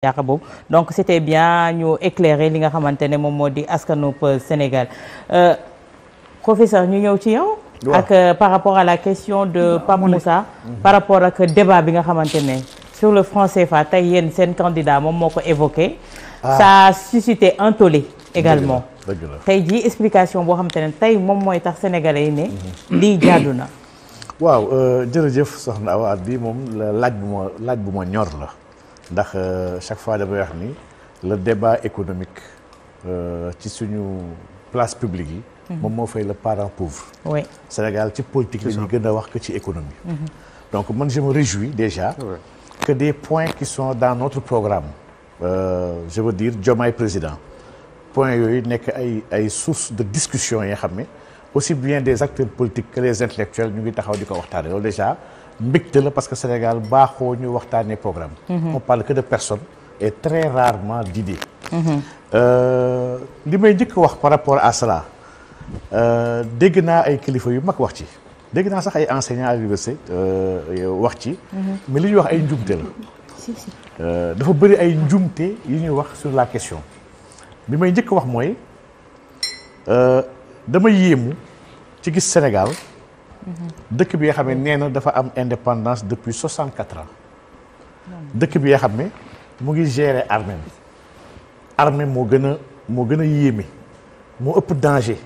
yaakaar boobu donc c'était bien ñu éclairer li nga xamante ne moom moo di askanub Sénégal euh, professeur ñu ñëw ci yow. ak euh, par rapport à la question de Pape Moussa. Mhm. par rapport ak débat bi nga xamante ne sur le franc CFA tey yéen seen candidat moom moo ko évoqué. Ah. ça a suscité un tollé également tey jii explication boo xamante ne tey moom mooy tax sénégalais yi ne. Mhm. lii jaadu na. waaw euh, jërëjëf soxna Awa bi moom laaj bu ma laaj bu ma ñor la. ndax euh, chaque fois damay wax ni le débat économique euh, ci suñu place publique yi. Mhm. moom moo fay le parent pauvre. Sénégal ci politique la gën a wax que ci économie. Mhm. donc man je me réjouis déjà. que des points qui son dans notre programme. Euh, je veux dire Diomaye président point yooyu nekk ay ay source de discussion yoo xam ne aussi bien des acteurs politiques que les intellectuels ñu ngi taxaw di ko waxtaanee loolu déjà. mbégte la parce que Sénégal baaxoo ñu waxtaanee programme. Mhm. on parle que de personnes et très rarement d'idées. Mhm. Euh, li may njëkk wax par rapport à euh, dégg naa ay kilifa yu mag wax ci dégg naa sax ay enseignants à l'université euh, wax ci. Mhm. mais li ñuy wax ay njumte la. dafa bëri ay njumte yu ñuy wax sur la question bi may njëkk wax mooy dama yéemu ci gis Sénégal. dëkk bi nga xam ne nee na dafa am indépendance depuis 64 ans. dëkk bi nga xam ne mu ngi gérer armée bi. armée moo gën a moo gën a yéeme moo ëpp danger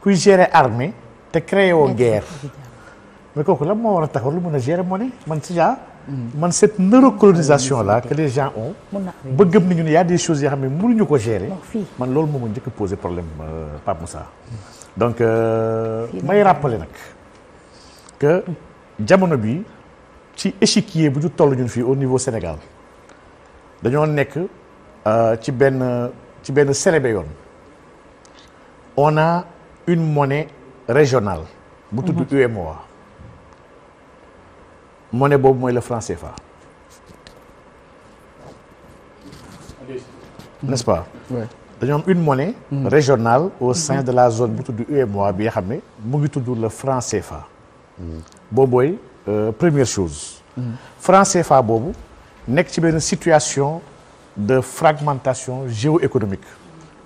kuy gérer armée te créé woo guerre mais kooku la moo war a taxaw lu mën a gérer moo ne man si genre. man cette neurocolonisation là que les gens ont. ba gëm nañu ne y a des choses yoo xam ne ñu ko gérer. man loolu moom njëkk a posé problème euh, Pape Moussa. donc euh, may rappelé nag. que jamono bi ci échiquier bu ñu toll ñun fii au niveau Sénégal dañoo nekk euh, ci benn ci benn cérébé yoon on a une monnaie régional bu tudd mhm. UEMOA monnaie boobu mooy la franc fa n'est-ce pas ouais. dañoo am une monnaie mhm. régional au sein mhm. de la zone bu tudd UEMOA bi nga xam ne mu ngi tudd le franc fa boobooy mooy euh, première chose. français CFA boobu nekk ci benn situation de fragmentation géoéconomique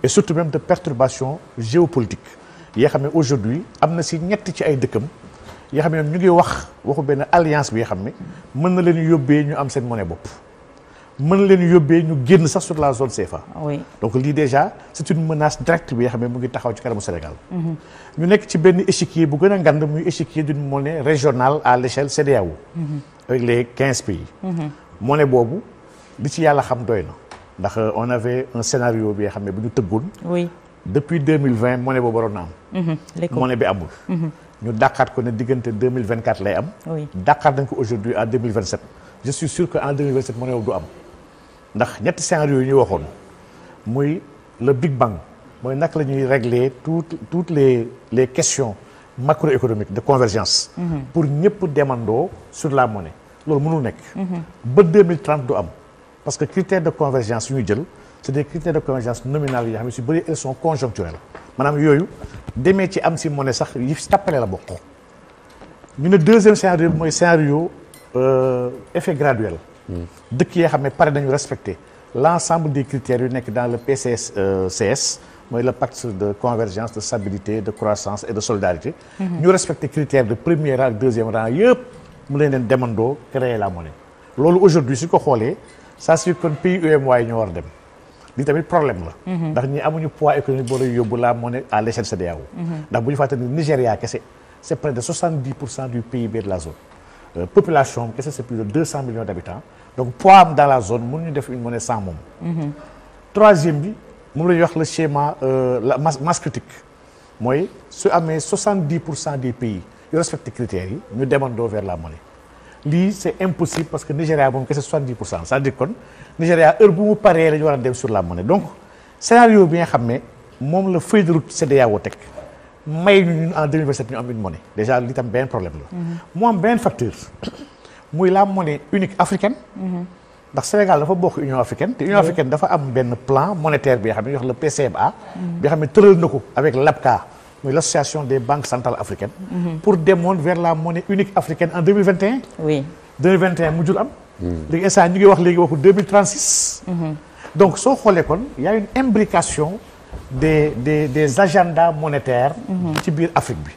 et surtout même de perturbation politique yoo xam ne aujourd'hui am na si ñett ci ay dëkkam yoo xam ne ñu ngi wax waxu benn alliance bi yoo xam ne mën na leen yóbbee ñu am seen monnaie bopp. mën leen yóbbee ñu génn sax sur la zone CFA. oui donc lii déjà c'est une menace directe bi nga xam mu ngi taxaw ci kanamu Sénégal. Mhm. ñu nekk ci benn échiquier bu gën a ngand muy échiquier d'une monnaie régionale à l'échelle CEDEAO. Mhm. avec les quinze pays. Mhm. monnaie boobu li ci yàlla xam doy na. ndax euh, on avait un scénario bi nga xam ne bu ñu tëggoon. oui depuis deux boobu waroon na am. monnaie bi amul. ñu dàqaat ko ne diggante deux mille vingt quatre lay am. oui dàqaat nañ ko aujourd'hui à deux mille vingt ndax ñetti scénario yu ñu waxoon muy le big bang mooy naka la ñuy régler toutes toutes les les questions macroéconomiques de convergence. Mhm. pour ñëpp demandoo sur la monnaie loolu mënul nekk. Mhm. ba 2030 du am parce que critères de convergence yu ñu jël c'est des critères de convergence nominales yi nga xam ne si bëri elles sont conjoncturelles yooyu demee ci am si monnaie sax yi tàppale la bokk. ñu ne deuxième scénario mooy scénario euh, effet graduel. dëkk yoo xam ne pare nañu respecter l' ensemble des critères yu nekk dans le PCCS euh, mooy le pacte de convergence de stabilité de croissance et de solidarité. Mhm. ñu respecter critères de premier rang deuxième rang yëpp mu leen demandoo créer la monnaie. loolu aujourd'hui su ko xoolee ça c'est kon pays UEMOA yi ñoo war dem li tamit problème la. Mhm. ndax ñi amuñu poids économique boo lay yóbbu la monnaie à l'échelle CEDEAO. Mhm. ndax bu ñu fàttali Nigéria kese c' près de Euh, population am kese c'est plus de deux cent millions d'habitants donc poids am dans la zone mënuñu def une monnaie sans moom. Mhm. troisième bi moom la ñuy wax le schéma euh, la masse masse critique mooy su amee soixante dix pour cent des pays yu respecte critères yi ñu demandoo vers la monnaie. lii c' est impossible parce que Nigéria moom kese 70 pour cent c'est-à-dire kon Nigéria heure bu mu paree la ñu war a dem sur la monnaie donc scénario bi nga xam ne moom la feuille de route CEDEAO teg. may ñu ñun en 2027 ñu am une monnaie déjà li tam benn problème la. Mhm. mu am benn facteur muy la monnaie unique africaine. Mhm. ndax Sénégal dafa bokk Union africaine te Union africaine dafa am benn plan monétaire bi nga xam ne ñu wax mhm. bi nga xam ne tëral na ko avec l'ABCA muy l'association des banques centrales africaines. pour demoon vers la monnaie unique africaine en 2021. oui 2021 mujjul am. léegi instant ñu ngi wax léegi waxu donc soo xoolee kon y une imbrication. des des des agendas monétaires. Mhm. ci biir Afrique bi.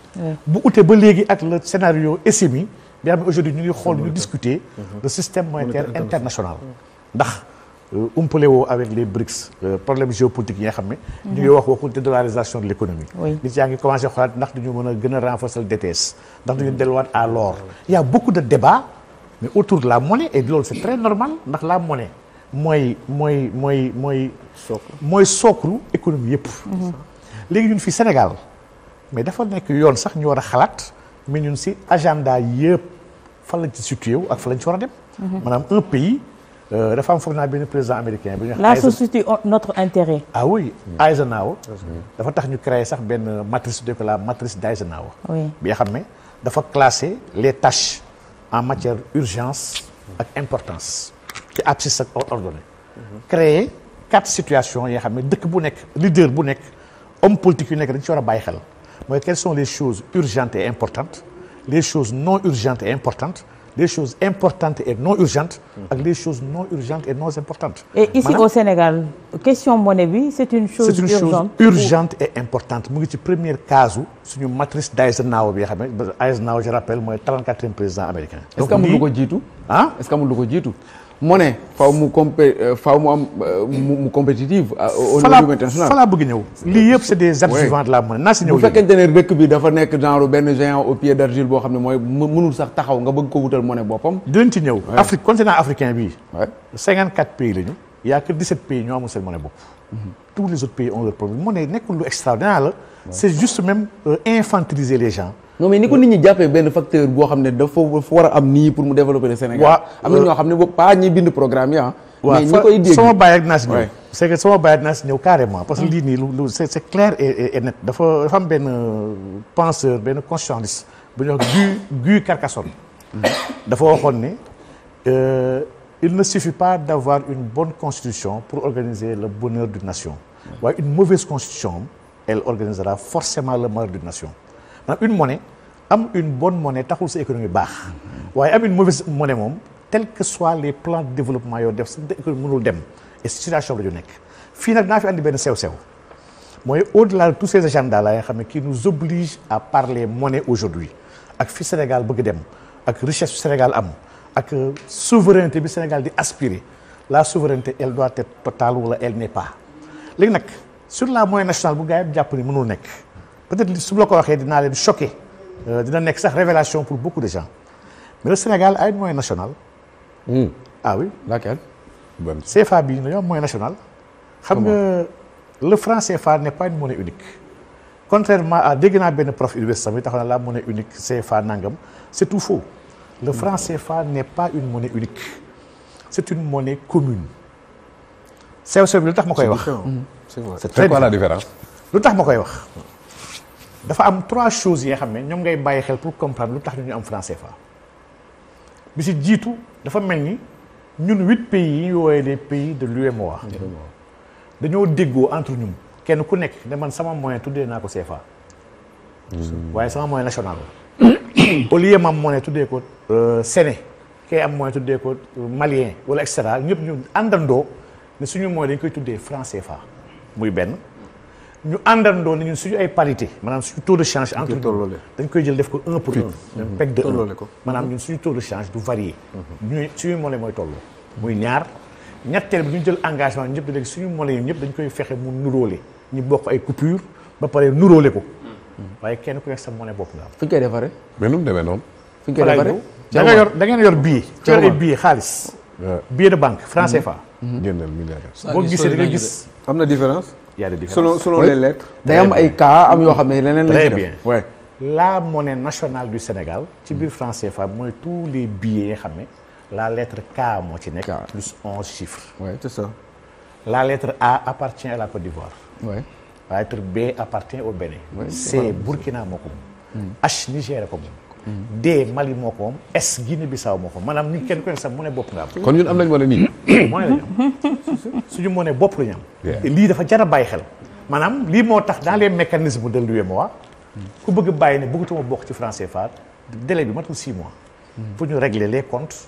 bu ute ba léegi ak le scénario SMI bi am aujourd'hui ñu ngi xool ñu discuter. Mhm. le système monétaire international. Mhm. ndax euh, umpale woo avec les BRICS euh, problème géopolitique yi nga xam ne. ñu ngi wax waxul te dollarisation de l'économie. nit yaa ngi commencé xoolaat ndax du ñu mën a gën a renforcer le DTS. ndax du ñu delluwaat à l'or. a beaucoup de débats mais autour de la monnaie et loolu c'est très normal ndax la monnaie. mooy mooy mooy mooy. socle mooy socle économie yëpp. léegi ñun fii Sénégal mais dafa nekk yoon sax ñu war a xalaat mais ñun si agenda yëpp fan lañ ci situé wu ak fan lañ ci war a dem. Mhm. maanaam un pays euh, dafa am foog naa benn président américain bi ñu wax. la société notre intérêt. ah oui mm. Eisenhower. dafa tax ñu créé sax benn matrice de la matrice d' Eisenhower. bi nga xam ne dafa classé les tâches en matière urgence ak importance. ci abscisse ak ordonnée mhm. créer quatre situations yoo xam ne dëkk bu nekk leader bu nekk homme politique yu nekk dañ ci war a bàyyi xel mooy quelles sont les choses urgentes et importantes les choses non urgentes et importantes les choses importantes et non urgentes mhm. ak les choses non urgentes et non importantes et ici au Sénégal question monnaie bi c'est une chose c'est une importante mu ngi ci première case suñu matrice d'Eisenhower bi nga xam ne Eisenhower je rappelle mooy 34e président américain donc est-ce que amul lu jiitu monnaie faaw mu compé euh, faaw mu am euh, mu compétitive. Euh, au niveau international fa laa bëgg ñëw. lii yëpp c'est des adjuvants de la monnaie naa si ñëw ne dëkk bi dafa nekk genre benn géant au pied d'argile boo xam ne mooy mënul sax taxaw nga bëgg ko wutal monnaie boppam. dinañ ci ñëw. Afrique continent africain bii. oui 54 pays la ñu. y a que 17 pays ñoo amul seen monnaie bopp. Mm-hmm. tous les autres pays ont leur problème monnaie nekkul lu extraordinaire la. juste même infantiliser les gens. non mais ni ko nit ñi jàppee benn facteur boo xam ne dafa war a am nii pour mu développer le Sénégal. waaw am na ñoo euh, xam ne boo pas ñi bind programme yi ah. mais ñi koy sama bàyyi ak naas ñëw. c' que sama bàyyi ak naas carrément. parce que hmm. lii nii lu c' est clair et net dafa dafa am benn euh, penseur benn conscientiste bu ñuy wax Guy Guy Carcassonne. Hmm. dafa waxoon ne euh, il ne suffit pas d' avoir une bonne constitution pour organiser le bonheur d'une nation. Hmm. waaye une mauvaise constitution elle organisera forcément le malheur maanaam une monnaie am une bonne monnaie taxul sa économie baax waaye am une mauvaise monnaie moom tel que soit les plans de développement yoo def sa économie mënul dem et situation la nekk fii nag naa fi andi benn sew mooy au-delà de tous ces agendas là nga xam ne qui nous oblige à parler monnaie aujourd'hui ak fi Sénégal bëgg dem ak richesse bi Sénégal am ak souveraineté bi Sénégal di aspirer la souveraineté elle doit être totale wala elle n'est pas léegi nag sur la monnaie nationale bu gars yi jàpp ni mënul nekk peut-être su la ko waxee dinaa leen choqué euh, dina nekk sax révélation pour beaucoup de gens mais le Sénégal a une monnaie nationale. Mmh. ah oui. laquelle. CFA bi na am monnaie nationale. xam nga le franc CFA n'est pas une monnaie unique. contrairement à dégg naa benn prof universitaire bi tax na la monnaie unique CFA nangam c'est tout faux. le franc hmm. CFA n'est pas une monnaie unique. c'est une monnaie commune. sew sew bi tax ma koy wax. Hmm. c'est vrai c'est lu tax ma koy wax. dafa am trois choses yi nga xam ne ñoom ngay bàyyi xel pour comprendre lu tax ñu am franc fa bi si jiitu dafa mel ni ñun huit pays yi ñu woowee les pays de l'UEMOA dañoo déggoo entre ñun kenn ku nekk ne man sama moyen tuddee naa ko CFA. Hmm. waaye sama moyen national la. au lieu ma am moyen tuddee ko euh, Séné kay am moyen tuddee ko euh, Malien wala et cetera ñëpp ñu àndandoo ne suñu moyen dañ koy tuddee franc CFA muy benn. ñu àndandoo ne ñun suñu ay parité maanaam suñu taux de change entre ñun dañ koy jël def ko un pour un mhm. peg de un maanaam ñun suñu taux de change du varier mhm. ñuy suñu monnaie mooy tolloo muy ñaar ñetteel bi ñu jël engagement ñëpp di suñu monnaie yi ñëpp dañ koy fexe mu nuróole ñu bokk ay coupure ba pare nuróole ko mhm. waaye kenn ku nekk sa monnaie bopp nga am fu ñu koy defaree mais nu mu demee noonu fu ñu koy defaree da nga yor da yor billet ci yor billet xaalis billet de banque franc CFA génneel milliardaire boo gisee da y a des différences. selon selon les lettres. ay ka am yoo xam ne leneen la très bien oui. la monnaie nationale du Sénégal. ci biir franc CFA mooy tous les billets yi xam ne la letre K moo ci nekk. plus onze chiffres. oui c'est la letre A appartient à la Côte d'Ivoire. la lettre B appartient au Bénin. oui C Burkina moo ko hmm. H Niger ko moom. D Mali moo ko es S Guinée Bissau moo ko maanaam ni kenn ku ne sax mu ne bopp nga am. kon ñun am nañu wane nii. moo ne la suñu moo ne bopp la ñu lii dafa jar a bàyyi xel. maanaam lii moo tax dans les mécanismes de l'UEMOA ku bëgg bàyyi ne bëggatuma bokk ci franc CFA délai bi matul 6 mois. Mm. pour ñu régler les comptes.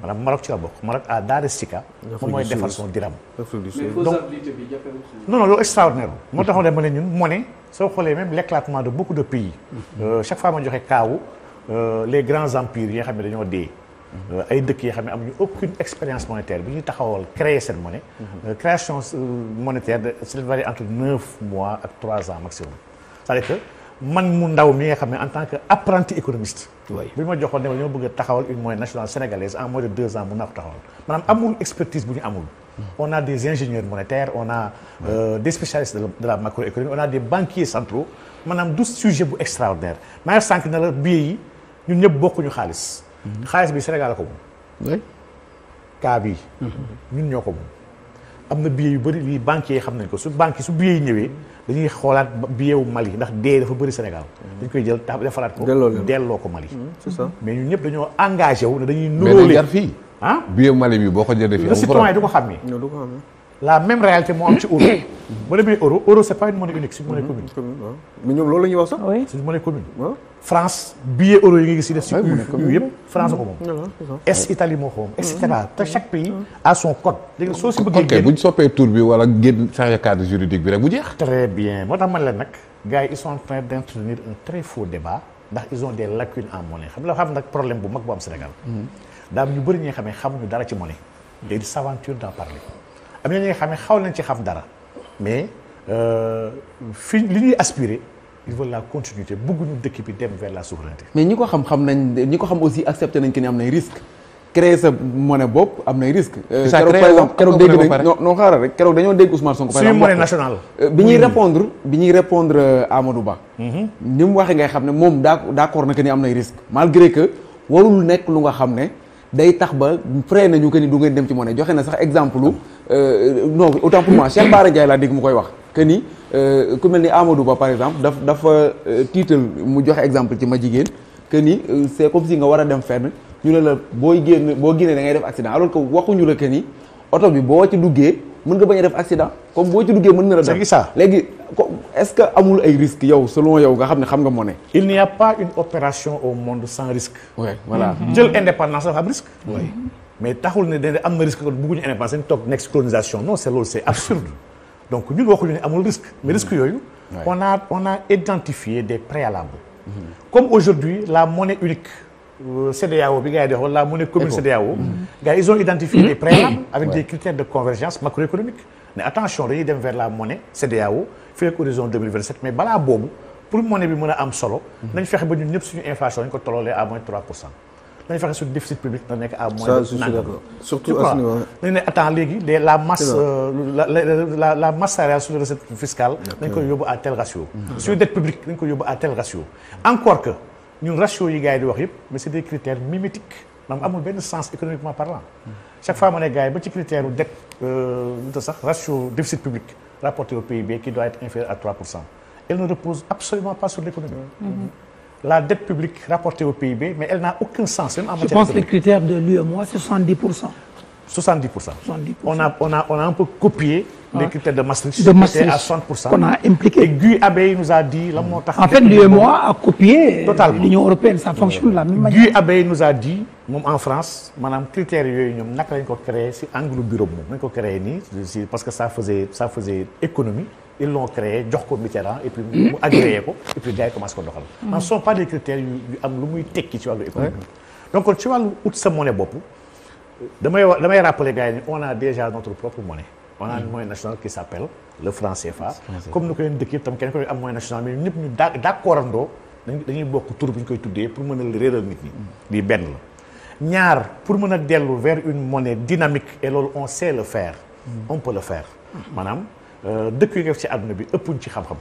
maanaam Maroc ci la bokk Maroc à Dar es Sika. moom mooy defar son dirham. non non loolu extraordinaire moo taxoon ne ma ne ñun monnaie soo xoolee même l'éclatement de beaucoup de pays. Mhm. Euh, chaque fois ma joxe kaawu euh, les grands empires yi nga xam ne dañoo dee. Mhm. Euh, ay dëkk yi xam ne amuñu aucune expérience monétaire bi ñuy taxawal créer seen monnaie. Mhm. création monétaire de ça varie entre neuf mois ak trois ans maximum c'est-à-dire que. man mu ndaw mi nga xam ne en tant que apprenti économiste. oui bu ñu ma joxoon ne ma ñoo bëgg a taxawal une moyenne nationale sénégalaise en moins de ans mun naa ko taxawal maanaam amul expertise bu ñu amul. Hmm. on a des ingénieurs monétaires on a euh, des spécialistes de la, de la macroéconomie on a des banquiers centraux maanaam du sujet bu extraordinaire maa ngi na la billets yi ñun ñëpp bokkuñu xaalis. Hmm. xaalis bi Sénégal ko mu oui bi. Hmm. ñun ñoo ko moom. am na billets yu bëri lii xam nañ ko su banque su billets ñëwee. dañuy xoolaat billet wu Mali ndax dee dafa bëri Sénégal. dañ koy jël defaraat ko. delloo ko Mali. Mm, c'est ça mais ñun ñëpp dañoo engagé wu ne dañuy. nuróole mais jar fii. ah billet Mali bi boo ko jëlee fii. le citoyen du ko xam ni. du ko xam la même réalité moo am ci euro. boo demee euro euro c' est pas une monnaie unique c' est commune. France billet euro yi nga gis def ci ah EU yëpp France ko moom. Ah, est Italie moo ko moom et cetera ah. te chaque pays a son code. léegi soo si bëggee génn bu soppee tour bi wala génn changer cadre juridique bi rek bu jeex. très bien moo tax man la nag gars yi ils sont en train un très faux débat ndax ils ont des lacunes en monnaie xam nga xam nag problème bu mag bu am Sénégal. Hmm. daam ñu bëri ñi nga xam ne xamuñu dara am na ñi nga xam ne xaw nañ ci xam dara mais euh, fi li ñuy aspirer ils veulent la continuité bëgguñu dëkk bi dem vers ñi ko xam xam nañ ñi ko xam aussi accepté nañ que am nay risques. créer sa monnaie bopp am nay risques. Euh, keroog par exemple keroog dégg nañ non non xaaral rek euh, Ba. Mm-hmm. ni mu waxee ngay xam ne moom daa d'accord na que ni am nay risques. malgré que warul nekk lu nga xam ne day tax ba freiné nañu que ni du ngeen dem ci monnaie joxe na sax exemple. Euh, non autant pour moi Cheikh Bara Ndiaye laa dégg mu koy wax que ni euh, ku mel ni Amadou Ba par exemple daf dafa euh, tiital mu joxe exemple ci ma jigéen que ni c'est comme si nga war a dem fenn ñu ne la booy génn boo génnee da ngay def accident alors que waxuñu la que ni oto bi boo ci duggee mën nga bañ a def accident comme boo ci duggee mën na la def léegi est-ce que amul ay risques yow selon yow nga xam ne xam nga moo ne il n'y a pas une opération au monde sans risque ouais, voilà jël indépendance dafa am mais taxul ne dañ am na risque kon bëgguñu indépendance dañ toog nekk colonisation non c'est loolu c'est absurde donc ñun waxuñu ne amul risque mais risque yooyu on a on a identifié des préalables comme aujourd'hui la monnaie unique euh, CEDEAO bi gars yi di wax la monnaie commune CEDEAO mhm. gars ils de convergence macroéconomique mais attention dañuy dem vers la monnaie CEDEAO fii ak horizon 2027 mais balaa boobu pour monnaie bi mën a am solo mhm. nañ fexe ba ñun ñëpp suñu inflation ñu ko toloolee à moins dañu fexe suñu déficit public na nekk à moins surtout à léegi la masse euh, la masse salariale sur les recettes fiscales dañ koy yóbbu à tel ratio sur dette publique dañ koy yóbbu à tel ratio encore que ñun ratio yi gars di wax yëpp mais c'est des critères mimétiques maanaam amul benn sens économiquement parlant chaque fois ma ne gars yi ba ci critère u dette lu euh, tax sax ratio déficit public rapporté au PIB qui doit être inférieur à 3 pour ne repose absolument pas sur l'économie mm-hmm. la dette publique rapportée au PIB, mais elle n'a aucun sens, même en matière Je pense que les critères de l'UEMOA, pour cent. on a on a on a copié. Ah. les critères de Maastricht. de Maastricht à a impliqué et Guy Abeille nous a dit lan moo en fait l'UEMOA a copié. Euh, totalement l'Union européenne ça fonctionne de la même manière. Guy Abeille nous a ko créé si angle bureau moom nañ ko créé nii parce que ça faisait ça faisait économie. ils l'ont créé jox ko Mitterrand et puis mu agréé ko et puis gars yi commencé ko doxal. en mm. ce pas des critères yu am lu muy tekki ci wàllu économie. donc kon ci wàllu ut sa monnaie bopp damay wa damay rappeler gars yi ni on a déjà notre propre monnaie. on a une mm. monnaie nationale qui s'appelle le franc CFA. comme ni ko leen dëkk tam kenn koy am monnaie nationale mais ñëpp ñu daa d'accordandoo dañuy bokk tur bi ñu koy tuddee pour mën a réeral nit ñi. Mm. lii benn la ñaar pour mën a dellu vers une monnaie dynamique et loolu on sait le faire. on peut le faire maanaam. dëkk yu nga def ci àdduna bi ëppuñ ci xam-xam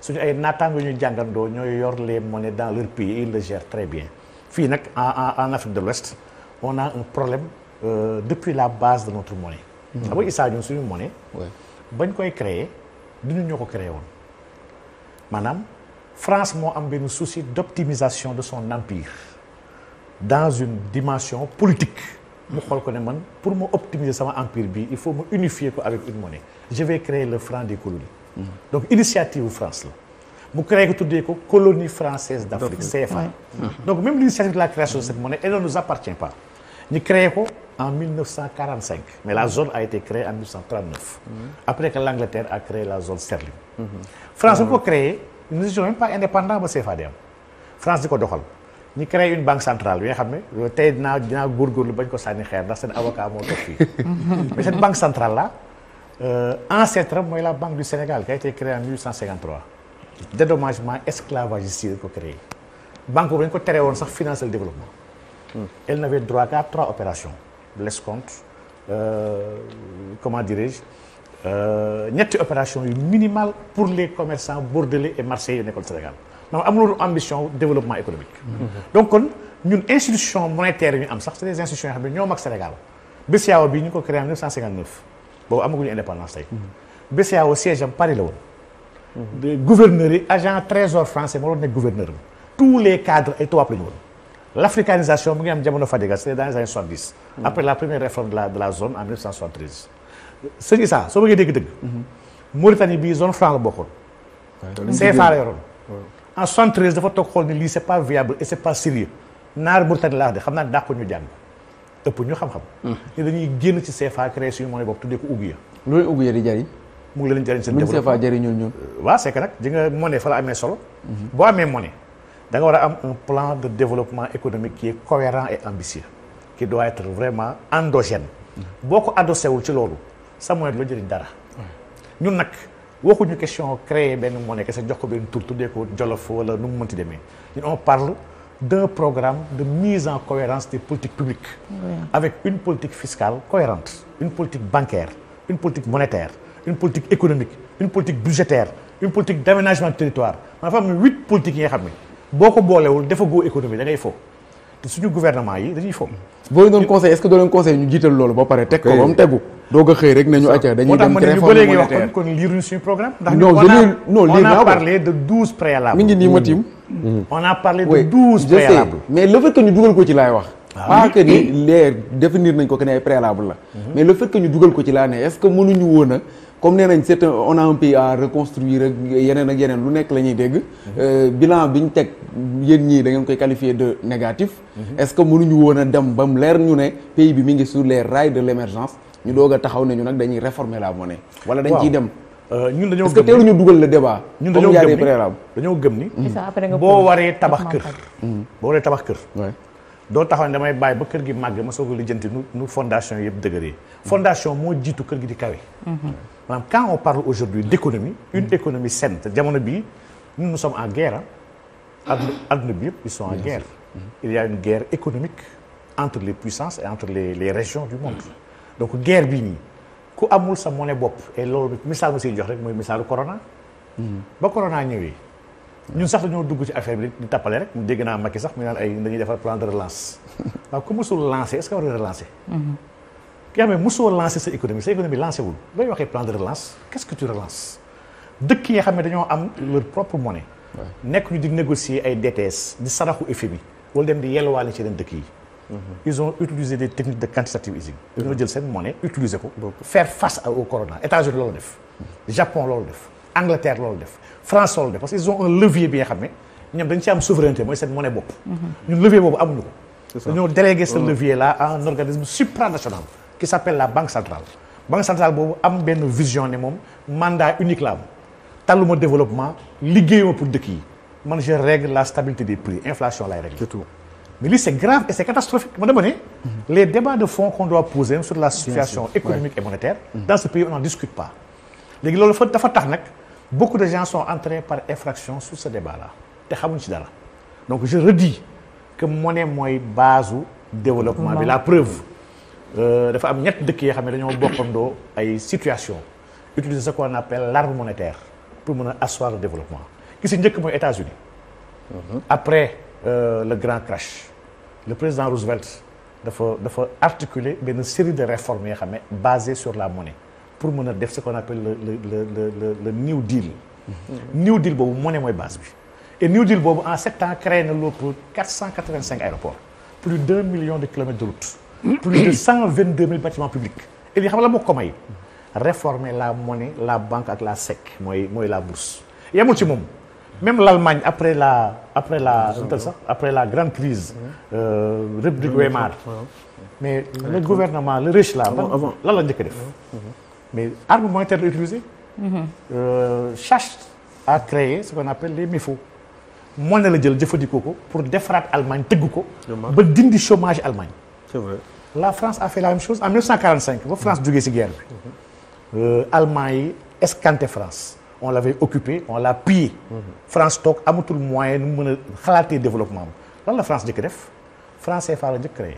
suñu ay naataango ñu jàngandoo ñoo yor les monnaies dans leur pays ils le gèrent très bien fii nag en en en Afrique de l'Ouest on a un problème euh, depuis la base de notre monnaie. Hmm. xam nga Issa ñun suñu monnaie. bañ koy créer du ñu ñoo ko créé woon maanaam France moo am benn souci d'optimisation de son empire dans une dimension politique. mu xool ko ne man pour mu optimiser sama empire bi il faut mu unifier ko avec une monnaie je vais créer le franc des colonies mm-hmm. donc initiative France la mu créé ko tuddee ko colonie française d'Afrique mm-hmm. CFA mm-hmm. donc même l'initiative de la création de cette monnaie elle ne nous appartient pas ñu créé ko en 1945 mais la zone a été créée en 1939 après que l'Angleterre a créé la zone sterling France bu ko créé nous n'étions même pas indépendant ba CFA di am France di ko doxal ñu créé une banque centrale bi nga xam ne tey dinaa dinaa góorgóorlu bañ ko sànni xeer ndax seen avocat moo toog fii mais cette banque centrale là euh, ancêtre mooy la banque du Sénégal qui a été créée en 1853 dédommagement esclavagiste yi dañ ko créé banque boobu dañ ko teree woon sax finance le développement hmm. elle n'avait droit qu'à trois opérations l'escompte euh, comment dirais-je euh, ñetti euh, opération yu minimale pour les commerçants bordelais et marseillais yu nekkoon Sénégal am amuloo ambition développement économique. donc kon ñun institution monétaire yi ñu am sax c'est des institutions yoo xam ne ñoo mag Sénégal BCEAO bi ñu ko créé en 1959 boobu amaguñu indépendance tey. BCEAO siège am Paris la woon. gouverneurs yi agent trésor français moo doon nekk gouverneur bi tous les cadres ay tubaab la ñu woon. l'africanisation mu ngi am jamono Fadiga c'est dans les années 70. après la première réforme de la de la zone en 1973. sëñ Issa soo bëggee dégg-dëgg. Mauritanie bii zone franc la bokkoon. CFA en 73 dafa toog xool ni lii c'est pas viable et c'est pas sérieux naar Mauritanie laax de xam naa dàq ñu jàng ëpp ñu xam-xam. ni mm-hmm. dañuy génn ci CFA créé suñu monnaie bopp tuddee ko Ouguiya. loolu Ouguiya di jariñ. mu ngi leen jariñ seen développement CFA jariñul ñun. nag di nga fa la amee solo. Mm-hmm. boo amee monnaie da nga war a am un plan de développement économique qui est cohérent et ambitieux. qui doit être vraiment endogène. Mm-hmm. boo ko adossé wul ci loolu sa monnaie du dara. waxuñu question créer benn monnaie kese jox ko benn tur tuddee ko Jolof wala nu mu mënti demee ñun on parle d'un programme de mise en cohérence des politiques publiques avec une politique fiscale cohérente une politique bancaire une politique monétaire une politique économique une politique budgétaire une politique d'aménagement du territoire maanaam dafa am huit politiques yi nga xam ne boo ko boolewul dafa goo économie da ngay fo te suñu gouvernement yi dañuy fo. boo leen doon conseil est-ce que doo leen conseil ñu jiital loolu ba pare teg ko ba mu tegu. doog a xëy rek nañu acca dañuy dem réforme monétaire ngi nii mm-hmm. mais le fait ñu dugal ko ci laay wax. Ah pas ni leer définir nañ ko que ay préalable la. Mm-hmm. mais le fait ñu dugal ko ci laa ne est-ce que mënuñu woon comme nee nañ c'est on a un pays à reconstruire ak yeneen ak yeneen lu nekk la ñuy dégg. Mhm. Euh, bilan bi ñu teg yéen ñii da koy qualifier de négatif. Mhm. est-ce que mënuñu woon a dem ba mu leer ñu ne pays bi mi ngi sur les rails de l'émergence ñu doog taxaw nañu ñu nag dañuy réformer la monnaie. wala dañ ciy dem. Euh, ñun dañoo gëm ni est-ce que teeluñu dugal le débat. ñun dañoo gëm ni dañoo gëm ni. boo waree tabax kër. boo waree tabax kër. doo taxaw ne damay bàyyi ba kër gi màgg ma soog a lijjanti nu nu fondation yëpp dëgëree. fondation moo jiitu kër gi di kawe. Mm-hmm. maanaam quand on parle aujourd'hui d'économie une mm. économie saine jamono bii ñun nous sommes en guerre ah. adduna adduna bi yëpp ils sont en guerre. Mm-hmm. il y a une guerre économique entre les puissances et entre les les régions du monde. Mm-hmm. donc guerre bii nii ku amul sa monnaie bopp et loolu misaal ma siy jox rek mooy misaalu corona. Mm-hmm. ba corona ñëwee. ñun sax dañoo dugg ci affaire bi di tappale rek dégg naa Macky sax mu naan ay dañuy defar plan de relance waaw ku musul lancer est-ce ki nga xam ne mosoo lancé sa économie sa économie lancé wul waxee plan de relance qu'est-ce dëkk yi nga dañoo am leur propre monnaie. nekk ñu di négocier ay DTS di saraxu FMI wala dem di yelwaale ci leen dëkk yi. Mm-hmm. ils ont utilisé des techniques de quantitative easing. Mm-hmm. dañoo jël seen monnaie utiliser ko. faire face au corona États-Unis loolu def. Japon loolu def. Angleterre loolu def. France loolu def parce que ils ont un levier bi nga xam ne qui s'appelle la banque centrale banque centrale boobu am benn vision ne moom mandat unique la am tàlluma développement liggéeyuma pour dëkk yi man je règle la stabilité des prix inflation lay règle tout mais lii c'est grave et c'est catastrophique ma dama ne mhm. les débats de fond qu'on doit poser sur la situation économique et monétaire mhm. dans ce pays on n'en discute pas léegi loolu fa dafa tax nag beaucoup de gens sont entrés par effraction sur ce débat te xamuñ ci dara donc je redis que monnaie mooy la Euh, dafa am ñett dëkk yoo xam ne dañoo bokkandoo ay situation utiliser ce qu'on appelle l'arme monétaire pour mën a asseoir le développement ki si njëkk mooy États-Unis mhm. après euh, le grand crash le président Roosevelt dafa dafa articuler benn série de réformes yoo xam ne basées sur la monnaie pour mën a def ce qu'on appelle le le le le le New Deal. Mhm. New Deal boobu monnaie mooy base bi et New Deal boobu en sept ans créé na lu ëpp 485 aéroports plus de 2 de kilomètres de route. plus de cent vingt deux mille xam la moo ko may réformer la monnaie la banque ak la SEC mooy mooy la bourse yemul ci moom même l'Allemagne après la après la sax la grande crise mmh. euh, république Weimar mais le gouvernement le riche là avant la njëkk def mmh. Mmh. mais arme monétaire la utilisé euh, cherche à créer ce qu'on appelle les MIFO monnaie la jël jëfandikoo ko pour defaraat Allemagne tëgg ko ba dindi chômage Allemagne la France a fait la même chose en 1945 ba France jógee ci guerre bi euh, allemand yi escanté France on l'avait occupé on l'a pillé France toog amatul moyen nu mën a xalaatee développement lan la France jëkk def France CFA la jëkk créé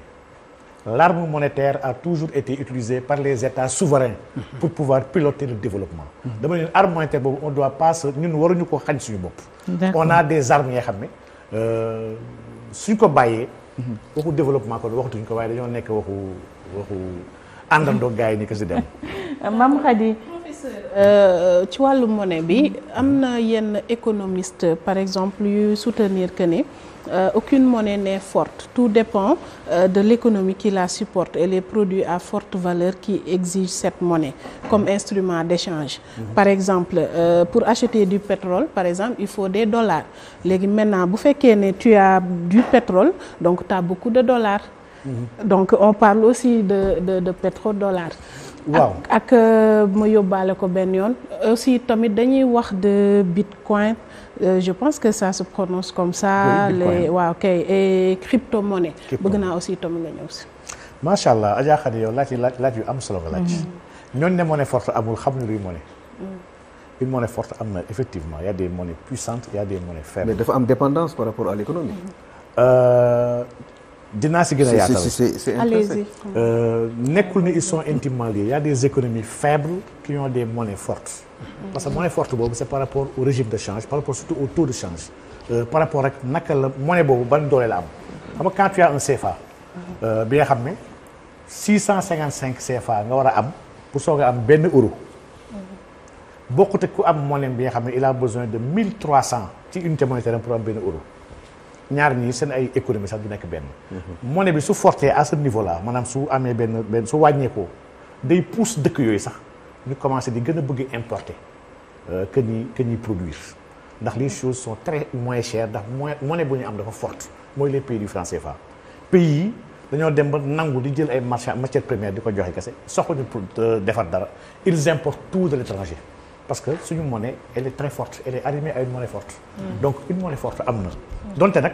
l'arme monétaire a toujours été utilisée par les États souverains pour pouvoir piloter le développement dama ne arme monétaire boobu on doit pas ñun waruñu ko xañ suñu bopp on a des armes yoo xam euh, suñ ko bàyyee waxu développement kon waxatuñ ko waaye dañoo nekk waxu waxu àndandoo gars yi ni ka si dem. Mame Khady euh, euh, ci wàllu monnaie bi am na yenn économiste par exemple yu soutenir que ni euh, aucune monnaie n'est forte. Tout dépend euh, de l'économie qui la supporte et les produits à forte valeur qui exigent cette monnaie comme instrument d'échange. Mm Par exemple, euh, pour acheter du pétrole, par exemple, il faut des dollars. Léegi maintenant bu fekkee ne tu as du pétrole, donc tu as beaucoup de dollars. Mhm. Donc on parle aussi de de de pétrodollars. waaw ak ak euh, ma yóbbaale ko benn yoon. aussi tamit dañuy wax de bitcoin. Euh, je pense que sa se prononce comme ça. Oui, les waaw kay et bëgg naa aussi itam nga ñëw si. macha allah Adja yow laaj laaj laaj yu am solo nga laaj. Mm-hmm. ñooñu ne monnaie forte amul xamuñu luy monnaie. Mm. une monnaie forte am na effectivement il y a des monnaies puissantes il y mais dafa am dépendance par rapport à l'économie. Euh, dinaa si gën a yaatal euh, nekkul ne ils sont intimement liés il des économies faibles qui ont des monnaies fortes parce que monnaie forte boobu c'est par rapport au régime de change par rapport surtout au taux de change euh, par rapport ak naka la monnaie boobu ban doole la am xam nga quand euh, bi nga xam ne 655 CFA nga war a am pour soog a am benn euro bokkut ak ku am monnaie bi nga xam ne il a besoin de 1300 ci unité monétaire pour am benn euro ñaar ñii seen ay économie sax du nekk benn. monnaie bi su fortee à ce niveau là maanaam su amee benn benn su wàññeekoo day pousse dëkk yooyu sax ñu commencé di gën a bëgg importer euh, que ñuy que ñuy produire ndax les choses soo très moins chères ndax moins monnaie bu ñu am dafa fort mooy les pays du franc CFA. pays yi dañoo dem ba nangu di jël ay marché matière première di ko joxe kese soxlañu pour euh, defar dara ils importent tout de l'étranger parce que suñu monnaie elle est très forte elle mm. forte am na. donte nag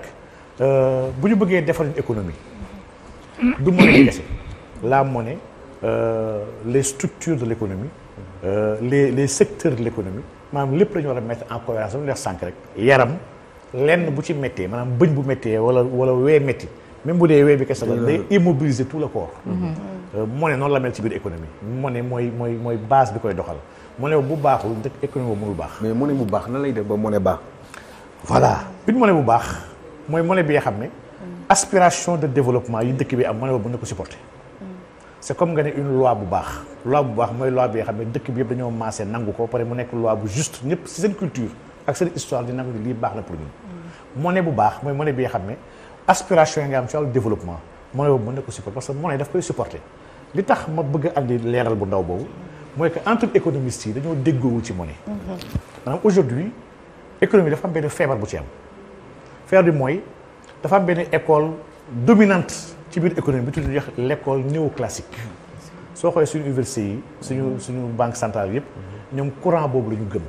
euh, bu ñu bëggee defar une économie du monnaie kese la monnaie euh, les structures de l'économie euh, les les secteurs de l'économie maanaam lépp la ñu war a mettre en cohérence dama leer sànq rek yaram lenn bu ci méttee maanaam bëñ bu méttee wala wala wee métti même bu dee wee bi kese la day immobiliser tout le corps mm-hmm. Mm-hmm. Euh, monnaie noonu la mel ci biir économie monnaie mooy mooy mooy base bi koy doxal monnaie bu baaxul dëkk économie boobu mënul baax mais monnaie bu baax na lay def ba monnaie baax voilà une monnaie bu baax mooy monnaie bi nga xam ne mm. aspiration de développement yi dëkk bi am monnaie ko supporter mm. c'est comme nga ne une loi bu baax loi bu baax mooy loi bi nga xam ne dëkk bi yëpp dañoo maase nangu ko pare mu nekk loi bu juste ñëpp ci seen culture ak seen histoire di nangu ni lii baax na pour ñun mm. monnaie bu baax mooy monnaie bi nga xam ne aspiration yi nga am ci wàllu développement monnaie boobu mën na ko supporter parce que monnaie daf koy supporter li tax ma bëgg a leeral bu ndaw boobu mooy que entre économistes yi dañoo déggoowul ci monnaie mm-hmm. économie dafa am benn feebar bu ci am feebar bi mooy dafa am benn école dominante ci biir économie bi tudd ñuy wax l' école néoclassique soo xoolee suñu université yi suñu suñu banque centrale yëpp ñoom courant boobu la ñu gëm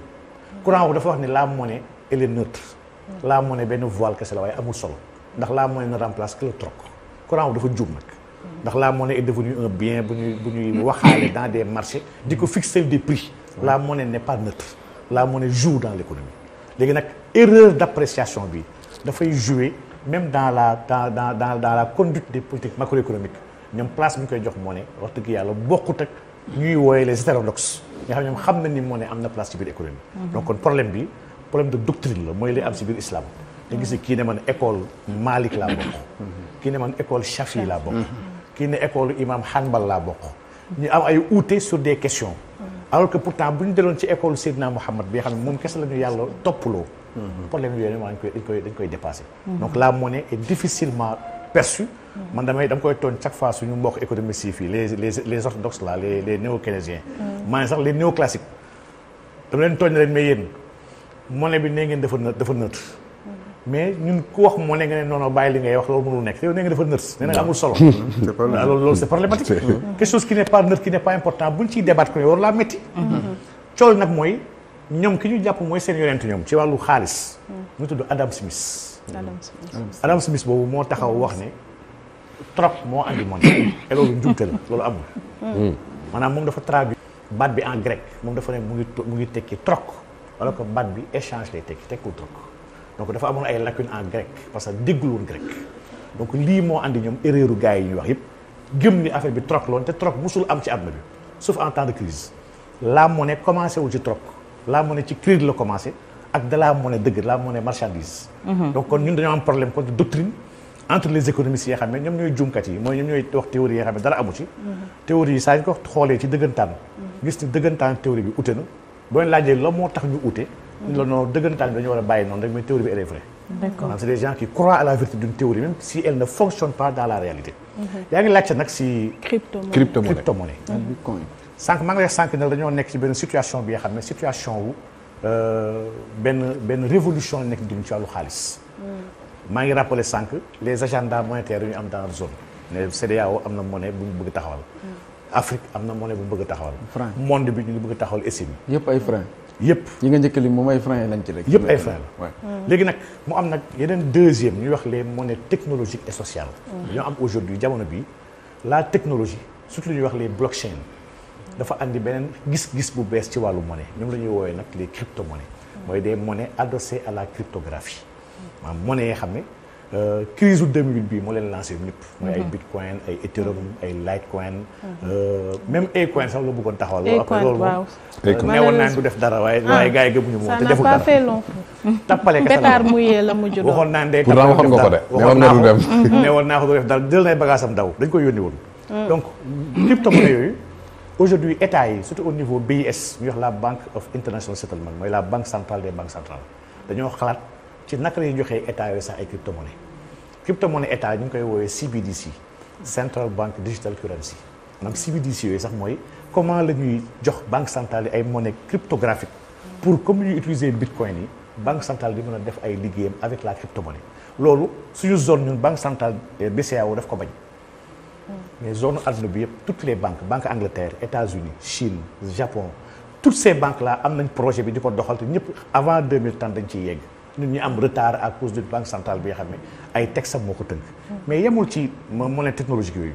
courant bu dafa wax ni la monnaie elle est neutre la monnaie benn voile kese la waaye amul solo ndax la monnaie ne remplace que le troc courant boobu dafa juum nag ndax la monnaie et devenue un bien bu ñuy bu ñuy waxaale dans des marché di ko fixer de prix la monnaie n'est la monnaie joue dans léegi nag erreur d'appréciation bi dafay jouer même dans la dans dans dans dans la conduite de politiques macroéconomiques ñoom place bi ñu koy jox moo monnaie wax dëgg yàlla bokkut ak ñuy wooyee les hétérodoxes nga xam ne ñoom xam na ni monnaie am na place ci biir économie. Mhm. donc kon problème bi problème de doctrine la mooy li am ci biir islam. te gis kii ne man école Malik laa bokk. Mhm. kii ne man école Shafi laa bokk. Mhm. kii ne école imam Hanbal laa bokk. ñu am ay uute sur des questions. alors que pourtant bu ñu deloon ci école Seydina Mouhamad bi xam ne moom kese la ñu yàlla toppaloo. Mhm. problème yooyu dañ koy dañ koy dañ koy dépassé. Mhm. donc la monnaie est difficilement perçue. Mhm. man damay dama koy tooñ chaque fois suñu mbokk économistes yi fii les les les orthodoxes là les les néo-keynésiens. maa ngi sax les néoclassiques. dama leen tooñ rek mais yéen monnaie bi nee ngeen dafa dafa neutre. mais ñun ku wax moo ne nga ne noonu bàyyi li ngay wax loolu mënul nekk te yow ne nga dafa nërse ne nga amul solo loolu loolu c'est problématique quelque chose qui n'est pas neutre qui n'est pas important buñ ciy débattre ko ne waru laa métti mm-hmm. cool nag mooy ñoom ki ñu jàpp mooy seen yonent ñoom ci wàllu xaalis mm. ñu tudd Adam Smith Adam Smith boobu moo taxaw wax ne trop moo andi monde te loolu njumte la loolu amul mm. maanaam moom dafa traduit baat bi en grec moom dafa ne mu ngi mu tekki troc alors ko baat bi échange lay tekki donc dafa amoon ay lacunes en grec parce que dégluwul grec donc lii moo andi ñoom erreuru gars yi ñuy wax yëpp gëm ni affaire bi troc loon te troc musul am ci àdduna bi sauf en temps de crise la monnaie commencé wul ci troc la monnaie ci crise la commencé ak de la monnaie dëgg la monnaie marchandise. Mhm. donc kon ñun dañoo am problème contre doctrine entre les économistes yoo xam ne ñoom ñooy juumkat yi mooy ñoom ñooy wax théorie yoo xam dara amu ci. Mhm. théorie yi xoolee ci dëggantaan. Mhm. gis ni dëggantaan théorie bi ute na boo laajee la moo tax ñu ute. la non dëggantaan bi dañu war a bàyyi noonu rek mais théorie bi elle est vraie. d'accord ah, c'est des gens qui croient à la vérité théorie même si elle ne fonctionne pas dans la réalité. Mhm. yaa ngi laajte nag si. cryptomonnaie cryptomonnaie. Ah, bitcoin sànq maa ngi lay sànq nag dañoo nekk ci benn situation bi nga ne situation wu euh, benn benn révolution la nekk di xaalis. Mhm. maa ngi rappelé sànq les agendas monétaires yu am dans la zone. mais CEDEAO am na monnaie bu ñu bëgg taxawal. Mhm. Afrique am na monnaie bu ñu bëgg taxawal. monde bi ñu ngi bëgg taxawal ECB. yëpp ay yëpp yi nga njëkk li moom ay frein lañ ci rek. yëpp ay frein la mm. léegi nag mu am nag yeneen deuxième ñuy wax les monnaies technologiques et sociale mm. ñoo am aujourd'hui jamono bi la technologie surtout li ñuy wax les blockchain dafa andi beneen gis-gis bu bees ci wàllu monnaie ñoom la ñuy woowee nag les crypto monnaies mm. mooy des monnaies adossées à la cryptographie maanaam monnaie yoo xam ne. Euh, crise u 2008 bii moo leen lancé lépp mooy ay mhm. bitcoin ay mhm. ay litecoin mhm. euh, même Acoin la bëggoon taxawal loolu après loolu moom neewoon naa du def dara waaye ah. waaye gars yi gëmuñu moom te waxoon naa day tappale waxoon nga ko de waxoon naa ko neewoon naa ko du def dara jël nay bagage am daw dañ koy yónni woon donc cryptomonnaie yooyu aujourd'hui état yi surtout au niveau BIS ñu wax la banque of international settlement mooy la banque centrale des banques centrales dañoo xalaat ci naka lay joxe état yooyu sax ay cryptomonnaie cryptomonnaie état ñu ngi koy woowee CBDC Central Bank Digital Currency maanaam CBDC yooyu sax mooy comment la ñuy jox banque centrale yi ay monnaie cryptographique pour comme ñuy utiliser bitcoin yi banque centrale di mën a def ay liggéeyam avec la cryptomonnaie loolu suñu zone ñun banque centrale eh, BCEAO daf ko bañ mais zone àdduna bi yëpp toutes les banques banque Angleterre États-Unis Chine Japon toutes ces banques là am nañ projet bi di ko doxal te ñëpp avant 2030 dañ ci yegg nit ñi am retard à cause d'une banque centrale bi nga xam ne ay texam moo ko tënk. mais yemul ci monnaie technologique yooyu.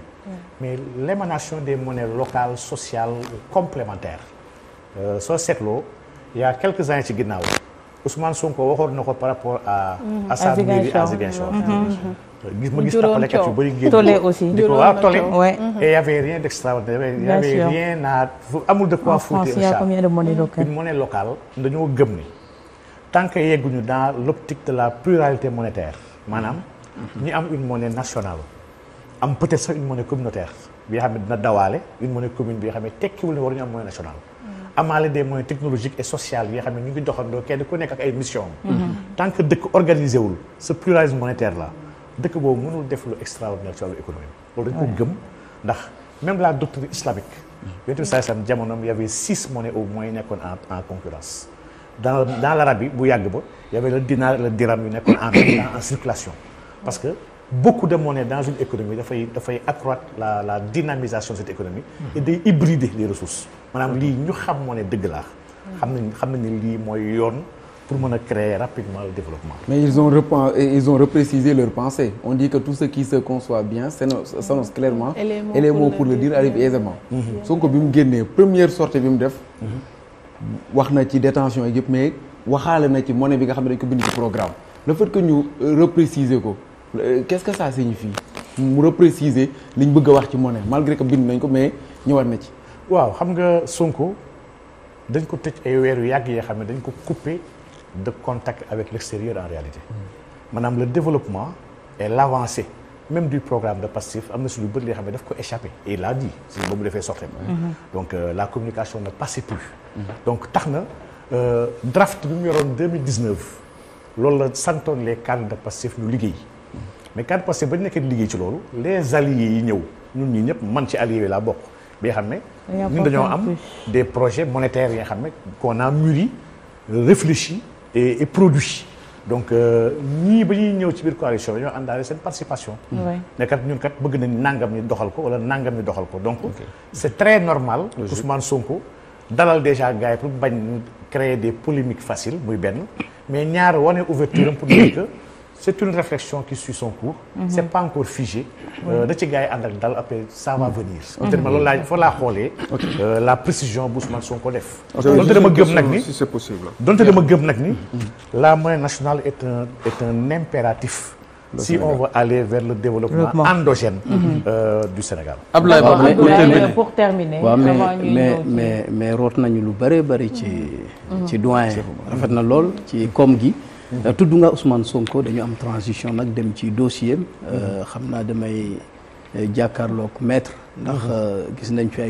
mais l'émanation des monnaies locales sociales complémentaires. Euh, soo seetloo il y a quelques ci ginnaaw Ousmane Sonko waxoon na ko par rapport mm-hmm. sa mairie à mm-hmm. euh, ma gis tapalekat yu bëri génn tollé aussi di ko waaw tollé et y avait rien de quoi foutre une monnaie locale dañoo gëm ni tant que yegguñu dans l'optique de la pluralité monétaire maanaam mhm. ñu am une monnaie nationale am peut sax une monnaie communautaire bi xam ne dina dawaale une monnaie commune bi xam ne tekkiwul ne waruñu am monnaie nationale mhm. amaale des moyens technologiques et sociales yi nga xam ne ñu ngi doxandoo kenn ku nekk ak ay mission mhm. tant dëkk organisé wul ce pluralisme monétaire dëkk boobu mënul def lu extraordinaire ci wàllu économie la doctrine islamique yonent bi sallallahu alayhi wasallam jamonoom y dans dans l'Arabie bu yàgg ba y avait en circulation parce que beaucoup de monnaie dans une économie dafay dafay accroître la la dynamisation de cette économie hmm. et day hybrider les ressources maanaam lii ñu xam monnaie dëgg laa xam nañ xam lii mooy yoon pour mën a créer rapidement le développement. mais ils ont repen leur pensée on dit que tout ce qui se conçoit bien s'annonce clairement et pour le dire arrivent aisément mhm. Sonko bi mu génnee première sortie bi wax na ci détention yi yëpp mais waxaale na ci monnaie bi nga xam ne dañ ko bind ci programme le fait que ñu euh, repréciser ko euh, qu'est-ce que ça signifie mu repréciser liñ bëgg a wax ci monnaie malgré que bind nañ ko mais ñëwaat na ci. waaw xam nga Sonko dañ ko tëj ay weer yu yàgg yoo xam ne dañ ko coupé de contact avec l'extérieur en réalité hmm. maanaam le développement et l'avancée même du programme de Pastef am na si lu bëri li xam ne daf ko échappé et il a si ba hmm. euh, la communication ne passait Mm-hmm. donc tax na euh, draft bi mu yoroon 2019 loolu la santoon les cadres de Pastef ñu liggéey mm-hmm. mais cadre Pastef ba ñu liggéey ci loolu les alliés yi ñëw ñun ñi ñëpp man ci alliés yi laa bokk bi nga xam ne ñun dañoo am des projet monétaires yi xam ne qu'on a mûri réfléchi et, et produit donc euh, ñii ba ñuy ñëw ci biir coalition dañoo àndaale seen participation mm-hmm. ne kat ñun kat bëgg nañ nangam ñu doxal ko wala nangam ñu doxal ko donc c'est très normal Ousmane Sonko dalal déjà gars yi pour bañ créer des polémiques faciles muy benn mais ñaar wane ouverture am pour dire que c'est une réflexion qui suit son cours. Mhm. c'est pas encore figé. Euh, da ci gars yi ànd ak dal après ça va mhm. venir. vraiment mhm. loolu laa fa xoolee. Euh, la précision bu Ousmane Sonko def. donte dama gëm nag ni si c'est ni. la monnaie nationale est un est un impératif. si on veut aller vers le développement mm-hmm. euh, du Sénégal. Abdoulaye Wade pour mais mais mais root nañu lu bëree bëri ci. Mm-hmm. ci doyen rafet na lool ci koom gi. Euh, tudd nga Ousmane Sonko dañu am transition nag dem ci dossier euh, xam naa damay jàkkaarloog maître ndax mm-hmm. gis nañ fi